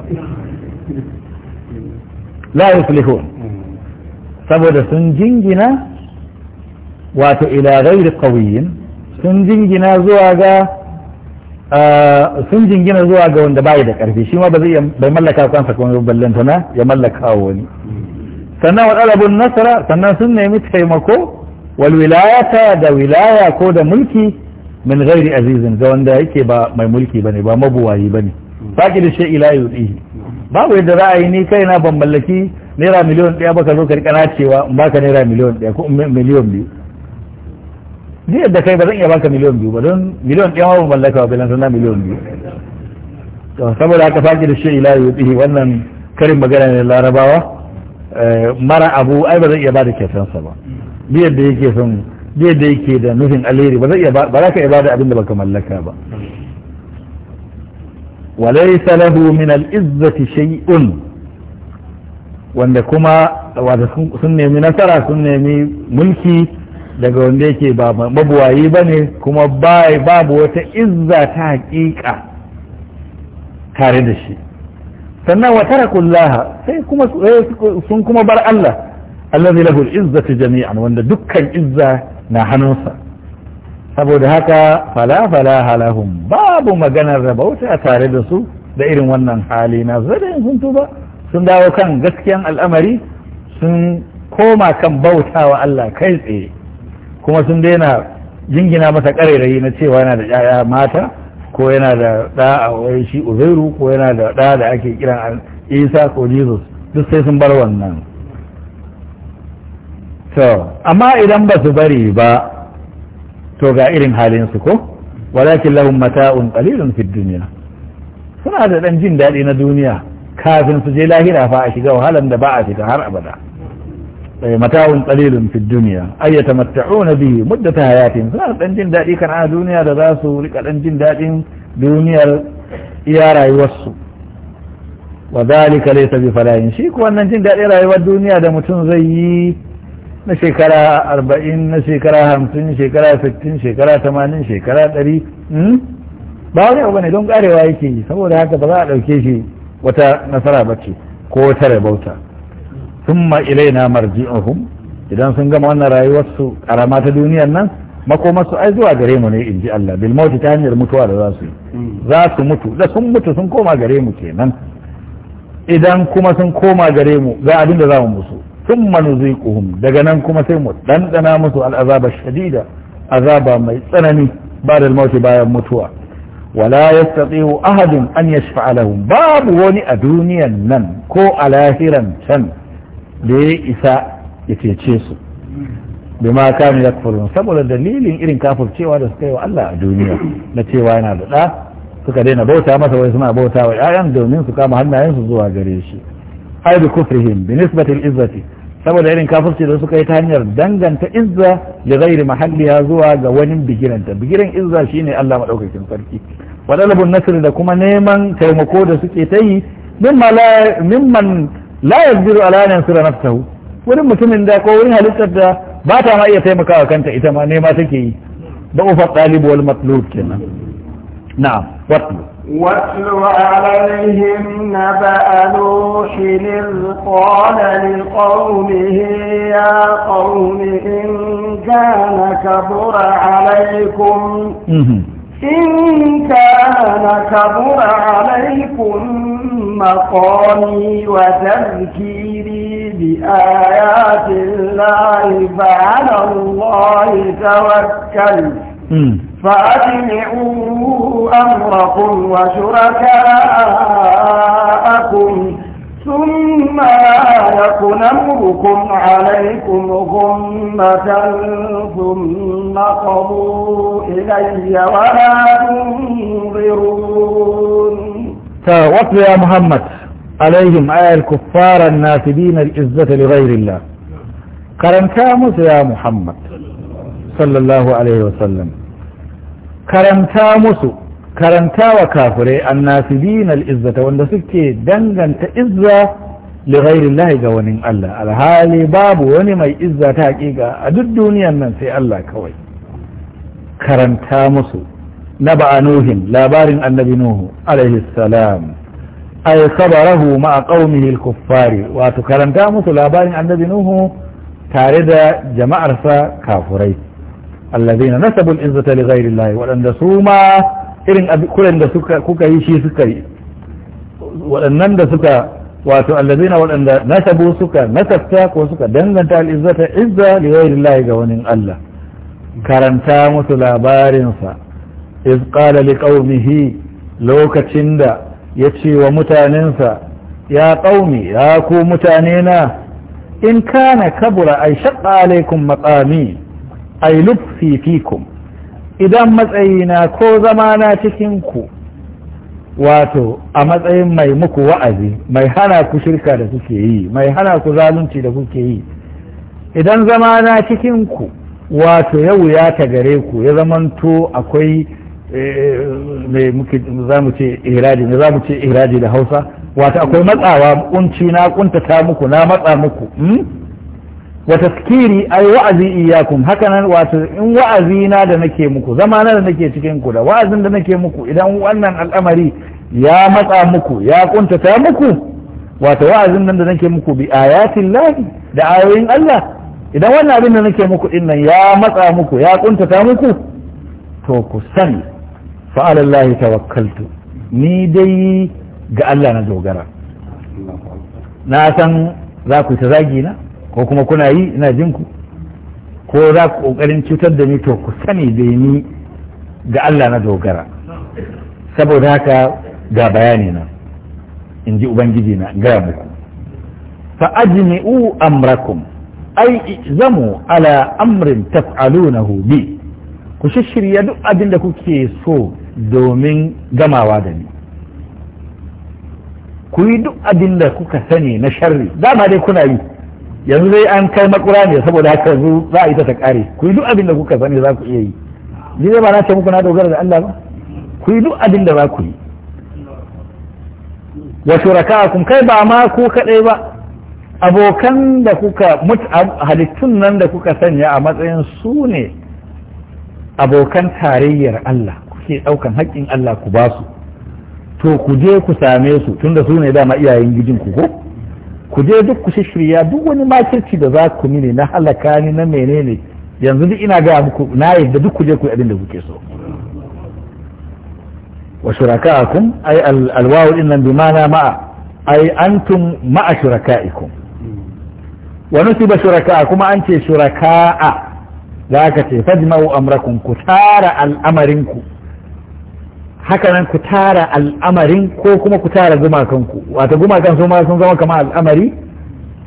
la yuflihu saboda sun jingina wato ila ghairi qawiyin sun jingina zuwa ga sun jingina zuwa ga wanda bai da karfi shi ma ba zai bai mallaka kansa kuma ballanta na ya mallaka wani sannan wa talabun nasara sannan sun nemi taimako wal wilayata da wilaya ko da mulki min ghairi azizin ga wanda yake ba mai mulki bane ba mabuwayi bane saki da shay'i la yudihi babu yadda za a yi ni kaina ban mallaki naira miliyon ɗaya ba ka zo ka rika na cewa in baka naira miliyon ɗaya ko miliyon biyu ni yadda kai ba zan iya baka miliyon biyu ba don miliyon ɗaya ba mallaka ba bilan sana miliyon biyu saboda haka saki da shay'i ila yudihi wannan karin magana ne larabawa eh, mara abu ai ba zan iya ba da kyautansa ba biyar da yake son zai da yake da nufin alheri ba za ka ibada abin da baka mallaka ba walai salahu min al'izzati shay'un wanda kuma wata sun nemi nasara sun nemi mulki daga wanda yake ba mabuwayi ba ne kuma babu wata izza ta haƙiƙa tare da shi sannan wa tarakullaha sai kuma eh, sun kuma bar Allah allazi lahu al-izzatu jami'an wanda dukkan izza na hannunsa saboda haka fala fala babu maganar rabauta tare da su da irin wannan hali na zarin sun tuba sun dawo kan gaskiyan al'amari sun koma kan bauta wa Allah kai tsaye kuma sun daina jingina masa ƙarairayi na cewa yana da ƴaƴa mata ko yana da ɗa a wai shi uzairu ko yana da ɗa da ake kiran isa ko jesus duk sai sun bar wannan to amma idan ba su bari ba to ga irin halin su ko walakin lahum mata'un qalilun fid dunya suna da dan jin daɗi na duniya kafin su je lahira fa a shiga wahalan da ba a fita har abada eh, mata'un qalilun fid dunya ay yatamatta'una bihi muddat hayatin suna da dan jin daɗi kan a duniya da za su rika dan jin daɗin duniyar iya rayuwarsu wa dhalika laysa bi falahin shi ko wannan jin daɗin rayuwar duniya da mutum zai yi na shekara arba'in na shekara hamsin shekara sittin shekara tamanin shekara ɗari hmm? ba wani abu ne don karewa yake yi saboda haka ba za a ɗauke shi wata nasara ba ce ko wata rabauta sun ma ilaina marji'uhum idan sun gama wannan rayuwarsu karama ta duniyar nan makomarsu ai zuwa gare mu ne in ji Allah bil mauti ta hanyar mutuwa da za su yi za su mutu da sun mutu sun koma gare mu kenan idan kuma sun koma gare mu ga abin da za mu musu sun manuzikuhun daga nan kuma sai mu ɗanɗana musu al’azaba shadida azaba mai tsanani ba da mawuce bayan mutuwa wala ya tsatsewo ahadin an ya lahum babu wani a duniyan nan ko a lahiran can da ya isa ya fice su bi ma ka mu saboda dalilin irin kafurcewa da suka yi wa Allah a duniya na cewa yana da ɗa suka daina bauta masa wai suna bauta wa ƴaƴan domin su kama hannayensu zuwa gare shi ai bi kufrihim bi nisbati izzati saboda irin kafirci da suka yi ta hanyar danganta izza da mahalli ya zuwa ga wani bigiranta bigiran izza shine Allah madaukakin sarki wa dalabun nasr da kuma neman taimako da suke ta yi mimman la yaqdiru ala an yansura nafsahu wurin mutumin da ko wurin halittar da ba ta ma iya taimakawa kanta ita ma nema take yi da ufa talib wal matlub kenan na'am watlu واتل عليهم نبأ نوح إذ قال لقومه يا قوم إن كان كبر عليكم إن كان كبر عليكم مقامي وتذكيري بآيات الله فعلى الله توكلت فأجمعوا أمركم وشركاءكم ثم لا يكن أمركم عليكم غمة ثم قضوا إلي ولا تنظرون فوصل يا محمد عليهم آية الكفار الناسبين العزة لغير الله كرنتا يا محمد صلى الله عليه وسلم karanta musu karanta wa kafirai annasibin izzata wanda suke danganta izza li ga wani Allah alhali babu wani mai izza ta hakika a duk duniyar nan sai Allah kawai karanta musu na nuhin labarin annabi nuhu alaihi salam ay sabarahu ma'a qaumihi al-kuffari wato karanta musu labarin annabi nuhu tare da jama'arsa kafurai allazina nasabu al-izzata li ghayri Allah wadanda su da suka kuka yi shi suka yi wadannan da suka wato allazina wadanda nasabu suka nasabta ko suka danganta al-izzata izza ga wani Allah karanta musu labarinsa sa iz qala li qaumihi lokacin da yace wa mutanensa ya qaumi ya mutane na in kana kabura ai shaqqa alaikum ay lubfi fikum idan matsayina ko zamana cikin ku wato a matsayin mai muku wa'azi mai hana ku shirka da kuke yi mai hana ku zalunci da kuke yi idan zamana cikin ku wato ya wuya ta gare ku ya zamanto akwai mai muke za mu ce iradi za ce iradi da hausa wato akwai matsawa kunci na kuntata muku na matsa muku wa taskiri ai wa'azi iyakum hakanan wato in wa'azi na da nake muku zama na da nake cikin ku da wa'azin da nake muku idan wannan al'amari ya matsa muku ya kuntata muku wato wa'azin nan da nake muku bi ayatin lahi da ayoyin Allah idan wannan abin da nake muku din nan ya matsa muku ya kuntata muku to ku sani fa alallahi tawakkaltu ni dai ga Allah na dogara na san za ku ta zagi na ko kuma kuna yi ina jin ku ko za ku kokarin cutar da ni to ku sani da ni ga Allah na dogara saboda haka ga bayani na in ji ubangiji na gaya muku fa ajmi'u amrakum ai zamu ala amrin taf'alunahu bi ku shirya duk abin da kuke so domin gamawa da ni ku yi duk abin da kuka sani na sharri dama dai kuna yi yanzu dai an kai makura ne saboda haka yanzu za a yi ta ta kare ku yi duk abin da kuka sani za ku iya yi ni zai ba na ce muku na dogara da Allah ba ku yi duk abin da za ku yi wa shuraka'akum kai ba ma ku kadai ba abokan da kuka halittun nan da kuka sanya a matsayin su ne abokan tarayyar Allah kuke daukan haƙƙin Allah ku ba su to ku je ku same su tunda su ne dama iyayen gijin ku ko ku je duk ku shirya duk wani makirci da za ku ne na halaka ni na menene yanzu duk ina ga muku na yadda duk ku je ku yi abin da kuke so wa shuraka'akum ay alwawu din nan mana ma'a ay antum ma'a shuraka'ikum wa nusiba shuraka'a kuma an ce shuraka'a zaka ce fajma'u amrakum ku tara al'amarinku ku hakanan ku tara al'amarin ko kuma ku tara gumakanku wata gumakan su ma sun zama kama al'amari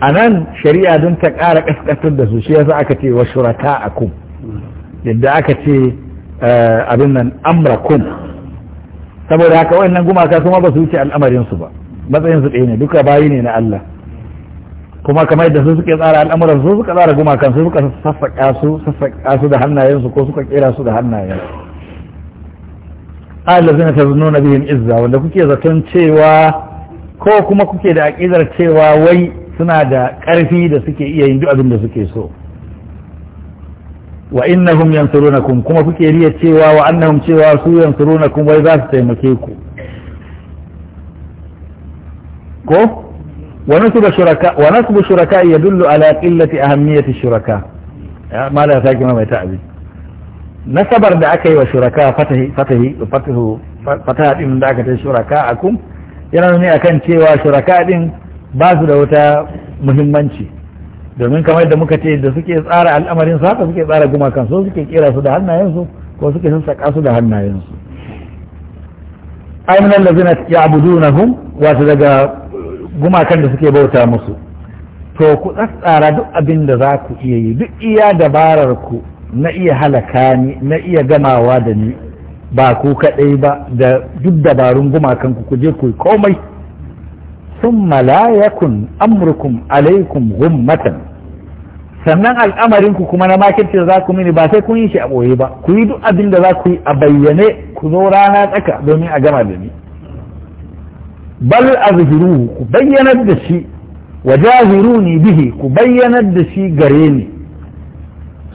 a nan shari'a don ta ƙara ƙasƙantar da su shi yasa aka ce wa shurata a kum yadda aka ce eh, abin nan amra kum saboda haka wannan gumaka su ma ba su wuce al'amarin su ba matsayin su ɗaya ne duka bayi ne na Allah kuma kamar yadda su suke tsara al'amuran su suka tsara gumakan su suka sassaƙa su sassaƙa su da hannayensu ko suka kera su da hannayensu ta nuna biyun izza wanda kuke zaton cewa ko kuma kuke da aƙidar cewa wai suna da ƙarfi da suke iya yin duk abin da suke so wa innahum yansurunakum kuma kuke riya cewa wa annahum cewa su yansurunakum wai za su taimake ku ko wa nasbu shuraka wa nasbu shuraka yadullu ala qillati ahammiyati shuraka ya mala ta kima mai ta'abi nasabar da aka yi wa shuraka fatahi fatahu fataha din da aka ce shuraka akum yana nuni akan cewa shuraka din ba su da wata muhimmanci domin kamar da muka ce da suke tsara al'amarin su haka suke tsara gumakan su suke kera su da hannayensu ko suke sassaƙa su da hannayensu ai allazina ya'budunahum wato daga gumakan da suke bauta musu to ku tsara duk abin da za ku iya yi duk iya dabarar ku na iya halaka ni na iya gamawa da ni ba ku kaɗai ba da duk dabarun gumakan ku je ku komai sun malayakun amurkum alaikum gummatan sannan al'amarin ku kuma na makirce da za ku mini ba sai kun yi shi a ɓoye ba ku yi duk abin da za ku yi a bayyane ku zo rana tsaka domin a gama da ni bal azhiruhu ku bayyanar da shi wa bihi ku bayyanar da shi gare ni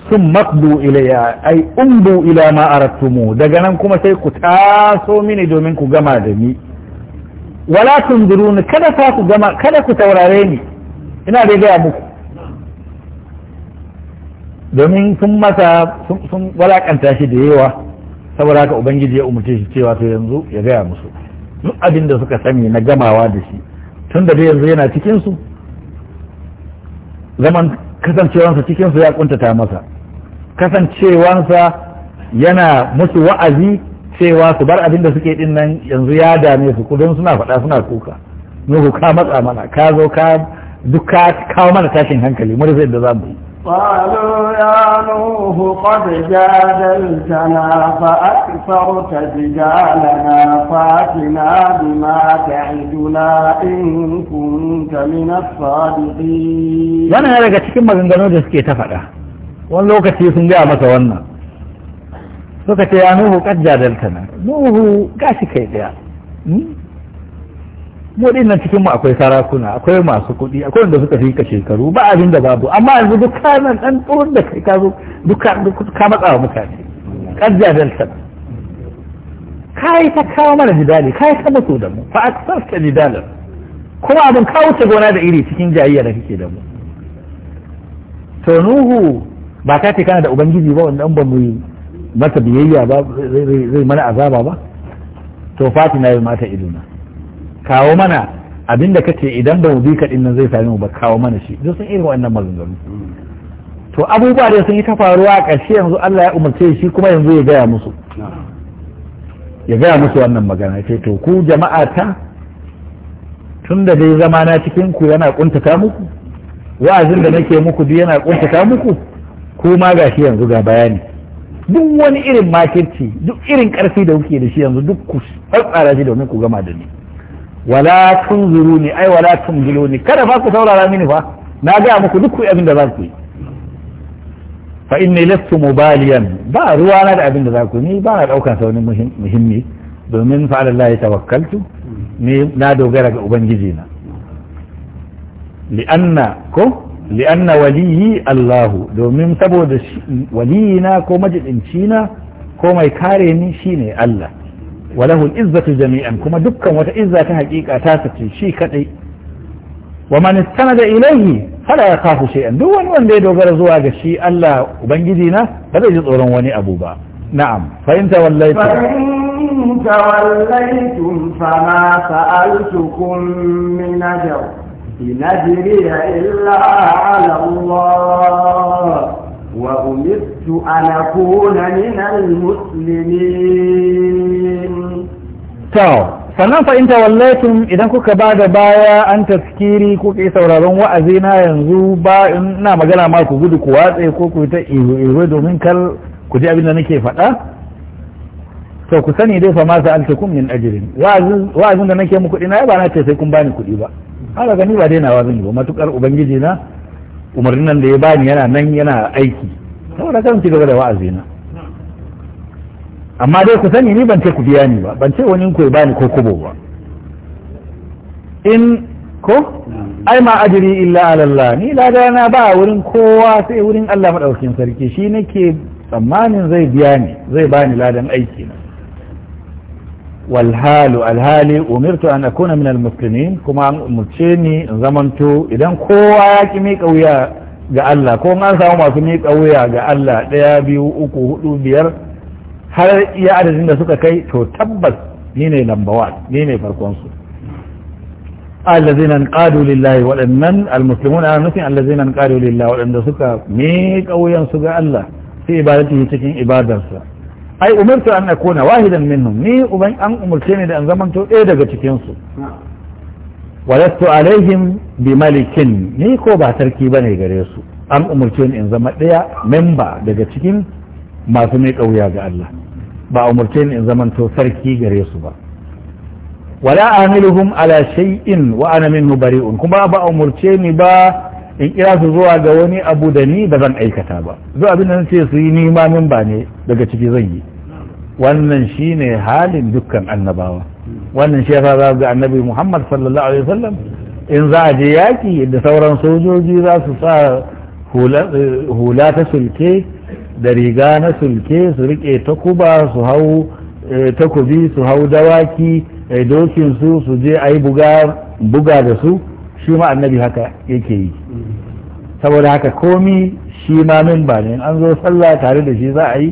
sun makdu ilayya ai umdu ila ma arattumu daga nan kuma sai ku taso mini domin ku gama da ni wala ni kada ta ku gama kada ku taurare ni ina da gaya muku domin sun masa sun walakanta shi da yawa saboda haka ubangiji ya umarce shi cewa to yanzu ya gaya musu duk abin da suka sani na gamawa da shi tun da yanzu yana cikinsu zaman kasancewarsa cikinsu ya kuntata masa kasancewansa yana musu wa'azi cewa su bar abin da suke din nan yanzu ya dame su kudin suna faɗa suna kuka nuhu ka matsa mana ka zo ka duk kawo mana tashin hankali mu rufe da zamu yi قالوا يا نوح قد جادلتنا فأكثرت جدالنا فاتنا بما تعدنا إن كنت من الصادقين. هذا wani lokaci sun gaya masa wannan suka ce ya nuhu kad jadalta na nuhu gashi kai daya hmm? mu din nan cikin mu akwai sarakuna akwai masu kuɗi akwai wanda suka fi ka shekaru ba abin da babu amma yanzu duk kanan dan tsoron da kai ka duka ka matsa wa mutane kad jadalta kai ta kawo mana jidali kai ta mutu da mu fa aksarta jidalan kuma abin kawo ta gona da iri cikin jayayya da kake da mu to nuhu ba ka ce kana da ubangiji ba wanda ba mu mata biyayya ba zai mana azaba ba to fatina ya mata iduna kawo mana abin da kace idan ba mu bi ka din nan zai same mu ba kawo mana shi duk sun irin wannan maganganu to abubuwa da sun yi ta faruwa a ƙarshe yanzu Allah ya umarce shi kuma yanzu ya gaya musu ya gaya musu wannan magana ce to ku jama'a ta tun da dai zama na cikin ku yana kuntata muku wa'azin da nake muku duk yana kuntata muku Ko ma ga shi yanzu ga bayani duk wani irin makirci duk irin karfi da kuke da shi yanzu duk ku tsara shi domin ku gama da ni wala tunzuruni ni ai wala tunzuruni kada fa ku saurara mini fa na ga muku duk ku abin da za ku yi fa inni lastu mubaliyan ba ruwa na da abin da za ku ni ba na daukan saunin muhimmi domin fa Allah ya tawakkaltu ni na dogara ga ubangiji na li'anna ko li'anna waliyi Allahu domin saboda na ko na ko mai kare ni shine Allah walahu izzatu jami'an kuma dukkan wata izza ta hakika ta sace shi kadai wa man istanada ilayhi fala yakhafu shay'an duk wani wanda ya dogara zuwa ga shi Allah ubangiji na ba zai ji tsoron wani abu ba na'am fa in tawallaytu in tawallaytum fama sa'altukum min ajr نجري إلا على الله وأمرت أن أكون من المسلمين sannan fa in tawallaitum idan kuka ba da baya an taskiri ko kai sauraron wa'azi na yanzu ba ina magana ma ku gudu ku watse ko ku ta ihu domin kal ku ji abin da nake faɗa to ku sani dai fa ma sa'altukum min ajrin wa'azin da nake muku ya ba na ce sai kun bani kuɗi ba ana gani ba nawa zan yi ba matukar ubangiji na umarnin nan da ya bani yana nan yana aiki saboda kan ci gaba da wa'azi na amma dai ku sani ni ban ce ku biya ni ba ban ce wani ku bani ko kubo ba in ko ai ma ajiri illa alallah ni lada na ba wurin kowa sai wurin Allah madaukakin sarki shi nake tsammanin zai biya ni zai bani ladan aiki na والهال الهالي أمرت أن أكون من المسلمين كما مرشيني زمنتو إذن كوا يكمي wuya ga Allah ko an samu masu miƙa wuya ga Allah ɗaya biyu uku hudu biyar har iya adadin da suka kai to tabbas ni ne lambawa ni ne farkonsu allazina qadu lillahi waɗannan almuslimun ana nufin allazina qadu waɗanda suka miƙa wuyan ga Allah sai ibadatihi cikin ibadarsa ai umartu an akuna wahidan minhum ni uban an umarce ni da an zamanto ɗaya daga cikin su walastu alaihim bi malikin ni ko ba sarki bane gare su an umarce ni in zama ɗaya memba daga cikin masu mai ƙauya ga Allah ba umarce ni in zamanto sarki gare su ba wala amiluhum ala shay'in wa ana minhu bari'un kuma ba umarce ni ba in kira su zuwa ga wani abu da ni ba zan aikata ba zuwa abin da ce su yi min ba ne daga ciki zan yi wannan shi ne halin dukkan annabawa wannan shi yasa za ga annabi Muhammad sallallahu alaihi wasallam in za a je yaki da sauran sojoji za su sa hula ta sulke da riga na sulke su riƙe takuba su hau eh, takobi su hau dawaki eh, dokin su su je a yi buga da su shi ma annabi haka yake yi saboda haka komi shi ma min ba ne an zo sallah tare da shi za a yi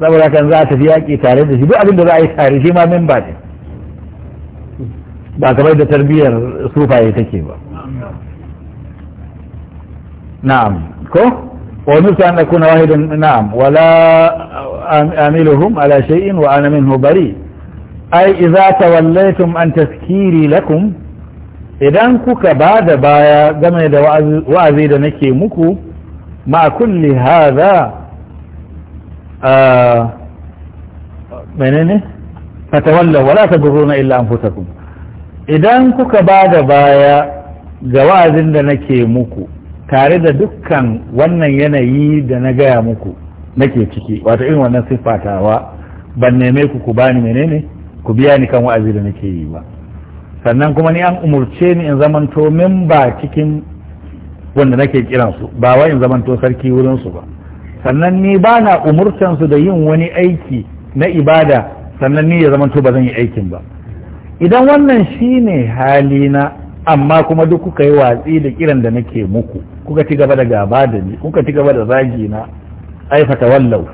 saboda haka za a tafi yaƙi tare da shi duk abin da za a yi tare shi ma min ba ne ba kamar da tarbiyyar sufaye take ba na'am ko wa an akuna wahidan na'am wala amiluhum ala shay'in wa ana minhu bari أي إذا tawallaytum an تذكيري lakum idan kuka ba da baya game da wa'azi da nake muku ma kulli hadha menene fatawalla wala tadurruna illa anfusakum idan kuka ba da baya ga wa'azin da nake muku tare da dukkan wannan yanayi da na gaya muku nake ciki wato irin wannan siffatawa ban neme ku ku bani menene ku biya ni kan wa'azi da nake yi ba sannan kuma ni an umurce ni in zamanto min ba cikin wanda nake kiransu ba wai in zamanto sarki wurin su ba sannan ni ba na su da yin wani aiki na ibada sannan ni ya zamanto ba zan yi aikin ba idan wannan shine halina amma kuma duk kuka yi watsi da kiran da nake muku kuka ci gaba da gaba da ni kuka ci gaba da zagi na aifata wallau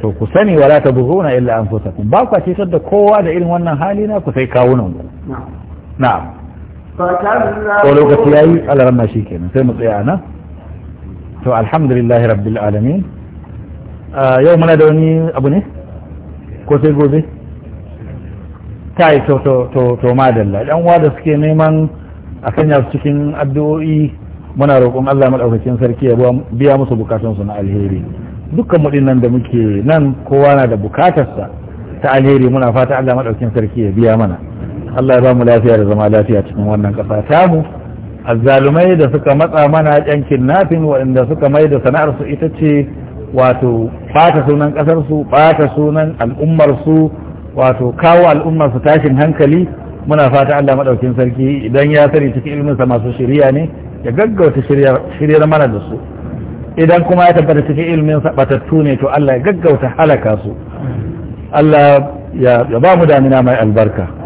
to ku sani wala ta buzuna illa anfusakum ba ku ce da kowa da irin wannan hali na ku sai kawunan ku na'am to lokaci yayi alaran ma shi kenan sai mu tsaya nan to alhamdulillah rabbil alamin yau muna da wani abu ne ko sai gobe ta to to to to madalla dan uwa da suke neman a sanya su cikin addu'o'i muna roƙon Allah madaukakin sarki ya biya musu su na alheri dukkan mu dinnan da muke nan kowa na da bukatarsa ta alheri muna fata Allah madaukakin sarki ya biya mana Allah ya ba mu lafiya da zama lafiya cikin wannan kasa azzalumai da suka matsa mana yankin nafin waɗanda suka mai da sana'ar su ita ce wato bata sunan kasar su bata sunan al'ummar su wato kawo al'ummar su tashin hankali muna fata Allah madaukin sarki idan ya sani cikin ilmin sa masu shirya ne ya gaggauta shiryar mana da su idan kuma ya tabbata cikin ilmin sa batattu ne to Allah ya gaggauta halaka su Allah ya ba mu damina mai albarka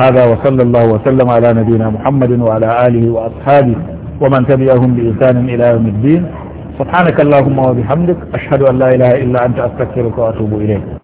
هذا وصلى الله وسلم على نبينا محمد وعلى آله وأصحابه ومن تبعهم بإنسان إلى يوم الدين سبحانك اللهم وبحمدك أشهد أن لا إله إلا أنت أستغفرك وأتوب إليك